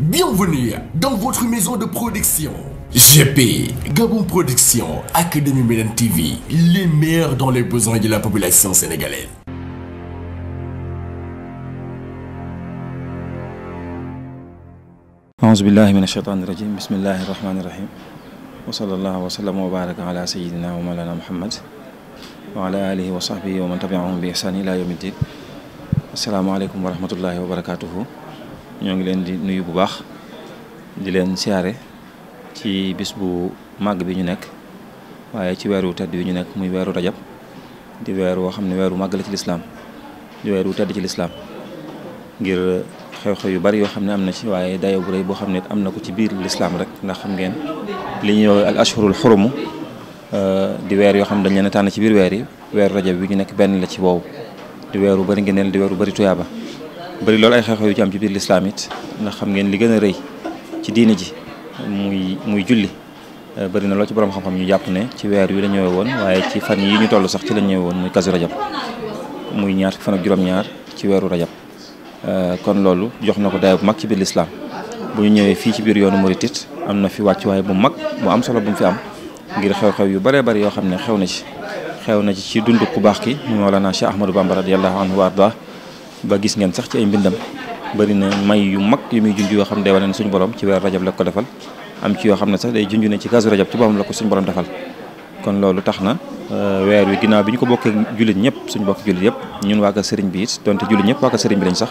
Bienvenue dans votre maison de production. GP, Gabon Production, Académie Médan TV, les dans les besoins de la population sénégalaise. aouzu billahi min ashaytaani rajim bismillahi rahmaani rahim wa sallallahu wa sallam wa baraka ala sayidina wa mawlana muhammad wa ala alihi wa sahbihi wa man tabiahum bi ihsaan ila yawmi ddin asalaamaaleykum wa ñoo ngi leen di nuyu bu baax di leen siyaare ci bis bu màgg bi ñu nekk waaye ci weeru tedd bi ñu nekk muy weeru rajab di weer woo xam ne weeru màgg la ci lislaam di weeru tedd ci lislaam ngir xew-xew yu bari yoo xam ne am na ci waaye dayo bu rëy boo xam ne am na ko ci biir lislaam rek ndax xam ngeen li ñu woowee al ashhurul xurumu euh, di weer yoo xam ne dañ leen a tànn ci biir weer yi weeru rajab bi ñu nekk benn la ci boobu di weeru bari ngeneel di weeru bari tuyaaba bëri loolu ay xew-xew yu ci am ci biir lislaam it ndax xam ngeen li gën a rëy ci diine ji muy muy julli eh, bëri na lool ci borom xam-xam ñu jàpp ne ci weer wi la ñëwee woon waaye ci fan yi ñu toll sax ci la ñëwee woon muy kasu rajab muy ñaar fan ak juróom-ñaar ci weeru rajab eh, kon loolu jox na ko daay bu mag ci biir lislaam bu ñu ñëwee fii ci biir yoonu murit it am na fi wàcc wàccuwaay bu mag mu am solo bu mu fi am ngir xew-xew yu bare bëri yoo xam ne xew na ci xew na ci ci dund ku baax ki Mawlana Cheikh Ahmadou Bamba radiyallahu anhu wa arda ba gis ngeen sax ci ay mbindam bëri na may yu mag yu muy junj yoo xam ne day wane ne suñu borom ci weer rajab la ko defal am ci yoo xam ne sax day junj ne ci kasu rajab ci boppam la ko suñu borom defal kon loolu tax na euh, weer wi ginnaaw bi ñu ko bokkee jullit ñëpp suñu bokk jullit yëpp ñun waa kër sëriñ bi it donte jullit ñëpp waa kër sëriñ sax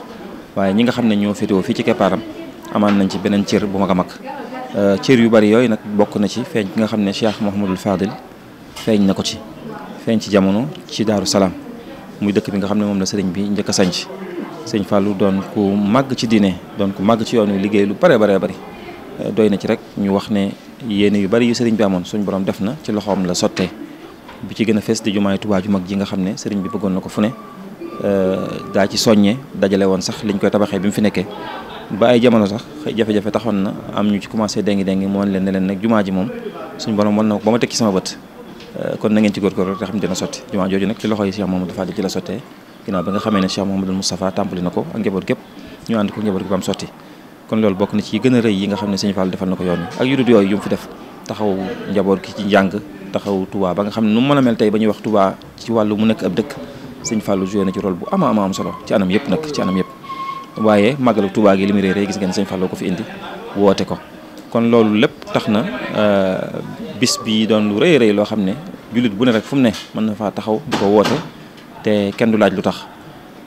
waaye ñi nga xam ne ñoo féetewoo fii ci keppaaram amaan nañ ci beneen cër bu mag a mag euh, cër yu bari yooyu nag bokk na ci feeñ ki nga xam ne Cheikh Mouhamadul Fadil feeñ na ko ci feeñ ci jamono ci Daaru Salaam muy dëkk bi nga xam ne moom la sëriñ bi njëkk a sanc sëñ lu doon ku màgg ci diine doon ku màgg ci yoon wi liggéey lu bare bare bari eh, doy na ci rek ñu wax ne yéen yu bari yu sëriñ bi amoon suñu borom def na ci loxoom la sottee bi ci gën a fees di jumaay Tuubaa ju mag ji nga xam ne sëriñ bi bëggoon na ko fu ne eh, daa ci soññee dajale woon sax liñ koy tabaxee bi mu fi nekkee ba ay jamono sax jafe-jafe taxoon na am ñu ci commencé dengi dengi moo leen leen nag jumaa ji moom suñu borom wan na ko ba ma teg ci Euh, kon na ngeen ci góorgóorlu te xam dina sotti jumaa jooju nag ci loxo yi Cheikh Mamadou Fadil ci la sottee ginnaaw nga xamee ne Cheikh Mamadou Moustapha tàmbali na ko ak njaboot gépp ñu ànd ko njaboot gi ba am sotti xam ne Sëñ Fall defal na ko yoon ak yu dul yooyu yu mu fi def taxaw njaboot gi ci njàng taxaw Touba ba nga xam ne nu mu mën a mel tey ba ñuy wax Touba na ci rôle kon loolu lépp tax na euh, bis bi doon lu rëy rëy loo xam ne jullit bu ne rek fu mu ne mën na faa taxaw di ko woote te kenn du laaj lu tax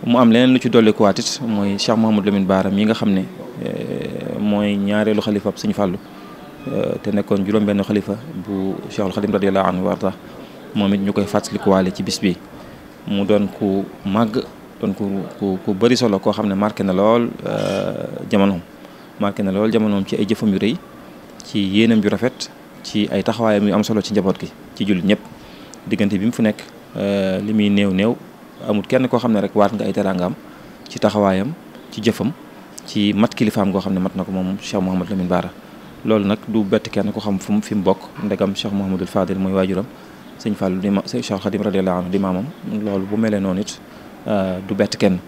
mu am leneen lu ci dolli ko mooy Cheikh Mouhamadou Lamine baaram mi nga xam ne eh, mooy ñaareelu xalifa Sëñ Fàllu eh, te nekkoon juróom-benn xalifa bu Cheikhul Xadim radiyallahu anhu warda moom it ñu koy fàttalikuwaale ci bis bi mu doon ku màgg doon ku ku ku solo koo xam ne marqué na lool eh, jamonoom marqué na lool jamonoom ci ay jëfam yu rëy ci yéenam ju rafet ci ay taxawaayam yu am solo ci njaboot gi ci jullit ñëpp diggante bi mu fu nekk eh, li muy néew néew amut kenn koo xam ne rek waat nga ay teraangaam ci taxawaayam ci jëfam ci mat kilifaam goo xam ne mat na ko moom Cheikh Mouhamadou Lamine Bara loolu nag du bett kenn ko xam fu mu fi mu bokk ndegam Cheikh Mouhamadul Fadil mooy waajuram sëñ Fall di ma Cheikh Khadim radiyallahu anhu di maamam loolu bu melee noonu it eh, du bett kenn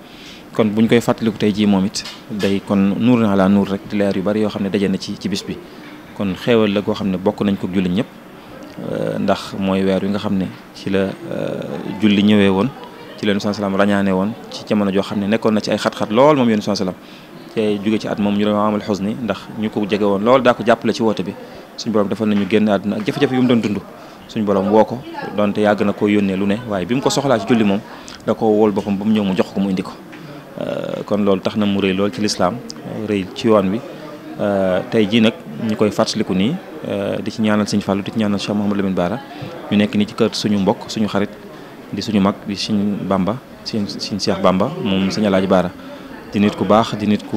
kon buñ koy fàttaliku tey jii moom it day kon nuur naa la nuur rek di leer yu bari yoo xam ne daje na ci ci bis bi kon xewal la goo xam ne bokk nañ ko julli ñëpp euh, ndax mooy weer wi nga xam ne ci la euh, julli ñëwee woon ci la Yonent salaam rañaane woon ci jamono joo xam ne nekkoon na ci ay xat-xat lool moom Yonent salaam te jóge ci at moom ñu doon amal xusni ndax ñu ko jege woon lool daa ko jàppale ci woote bi suñu borom defal nañu génn àdduna ak jafe-jafe yu mu doon dund suñu borom woo ko donte yàgg na koo yónnee lu ne waaye bi mu ko soxlaa ci julli moom da ko wool boppam ba mu ñëw mu jox ko mu indi ko euh, kon loolu tax na mu rëy lool ci lislaam rëy ci yoon wi Euh, tey jii nag ñu koy fàttaliku nii euh, di ci ñaanal sëñ Fallou di ci ñaanal Cheikh Mouhamadou Lamine Bara ñu nekk nii ci kër suñu mbokk suñu xarit di suñu mag di sëñ Bamba sëñ sëñ Cheikh Bamba moom sëñ Alaaji Bara di nit ku baax di nit ku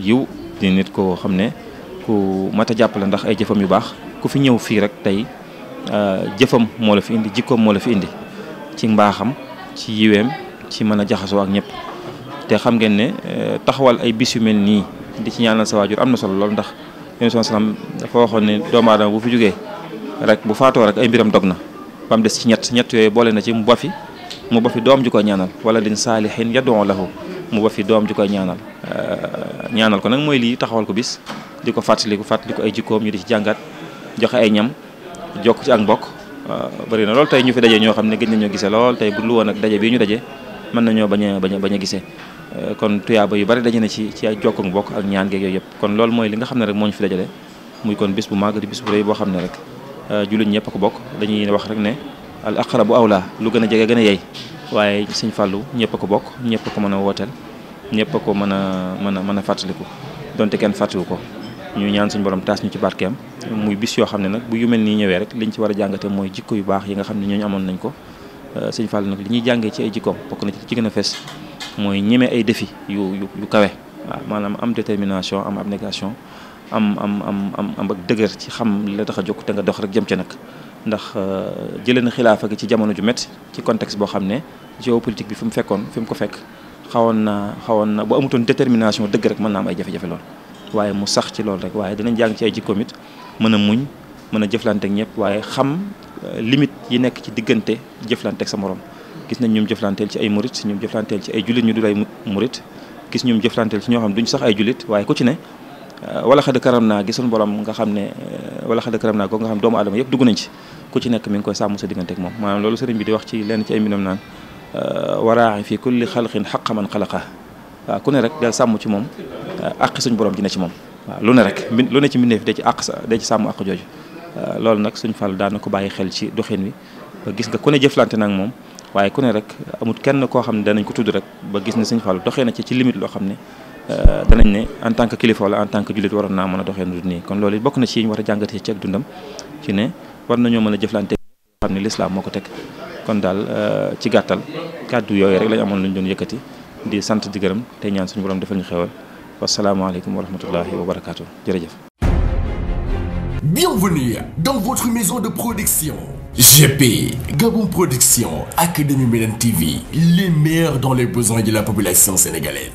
yiw di nit koo xam ne ku mat a jàppale ndax ay jëfam yu baax ku fi ñëw fii rek tey euh, jëfam moo la fi indi jikkoom moo la fi indi ci mbaaxam ci yiweem ci mën a jaxasoo ak ñëpp te xam ngeen ne taxawal ay bis yu mel nii di ci ñaanal sa waajur am na solo loolu ndax yonent bi salaam dafa waxoon ne doomu aadama bu fi jógee rek bu faatoo rek ay mbiram dog na ba des ci ñett ñett yooyu boole na ci mu ba fi mu ba fi doom ji ko ñaanal wala din saalihin yad'u lahu mu ba fi doom ji ko ñaanal ñaanal ko nag mooy lii taxawal ko bis di ko fàttali ko fàttali ko ay jikkoom ñu di ci jàngat joxe ay ñam jokk ci ak mbokk bëri na lool tey ñu fi daje ñoo xam ne gëj nañoo gisee lool tey bu lu woon ak daje bii ñu daje mën nañoo bañ a baña a gisee Euh, kon tuyaaba yu bari daje na ci ci ay jokkoog mbokk ak ñaan geeg yooyu yëpp kon loolu mooy li nga xam ne rek moo ñu fi dajale muy kon bis bu màgg bis bu rëy boo xam ne rek euh, jullit ñëpp ko bokk dañuy wax rek ne al aqrabu awla lu gën a jege gën a yey waaye sëñ Fallou ñëpp ko bokk ñëpp ko mën a wooteel ñëpp ko mën a mën a mën a fàttaliku donte kenn fàttiwu ko ñu ñaan suñu borom taas ñu ci barkeem muy bis yoo xam ne nag bu yu mel nii ñëwee rek liñ ci war a jàngate mooy jikko yu baax yi nga xam ne ñooñu amoon nañ ko euh, sëñ Fallou nag li ñuy jàngee ci ay jikkoom bokk na ci ci gën a fees mooy ñeme ay défi yu yu yu kawe waaw maanaam am détermination am abnégation am am am am am ak dëgër ci xam li la tax a jóg te nga dox rek jëm ca nag ndax euh, jëlee na xilaafa gi ci jamono ju mett ci contexte boo xam ne géopolitique bi fi mu fekkoon fi mu ko fekk xawoon na xawoon na bu amutoon détermination dëgg rek mën na am ay jafe-jafe lool waaye mu sax ci loolu rek waaye dinañ jàng ci ay jikkoom it mën a muñ mën a jëflante ak ñëpp waaye xam euh, limite yi nekk ci diggante jëflante sa morom gis nañ ñoom jëflanteel ci ay murit ñoom jëflanteel ci ay jullit ñu dul ay murit gis ñoom jëflanteel ci ñoo xam duñ sax ay jullit waaye ku ci ne euh, wala xad karam naa gisul borom nga xam ne euh, wala xad karam naa ko nga xam doomu aadama yëpp dugg nañ ci ku ci nekk mi ngi koy sàmm sa diggante ak moom maanaam loolu sëriñ bi di wax ci lenn ci ay mbindam naan euh, waraaxi fi ci moom àq suñ borom dina ci moom waaw rek lu ne ci mbindeef dee ci àq sa dee ci sàmm àq jooju loolu nag suñ fàll daana ko bàyyi xel ci doxin wi gis nga ku ne jëflante nag moom waaye ku ne rek amut kenn koo xam ne danañ ko tudd rek ba gis ne sëñ Fallou doxee na ci ci limite loo xam ne euh, danañ ne en tant que kilifa wala en tant que jullit waroon naa mën a doxee nu nii kon loolu bokk na ci ñu war a jàngatee ci ak dundam ci mën a jëflante xam ne lislaam moo ko teg kon daal euh, ci gàttal kàddu yooyu rek lañ amoon luñ doon yëkkati di sant di gërëm tey ñaan suñu borom defal ñu a wasalaamaaleykum wa rahmatullahi wa barakaatu jërëjëf Bienvenue dans votre maison de production. GP, Gabon Production, Académie Médine TV, les meilleurs dans les besoins de la population sénégalaise.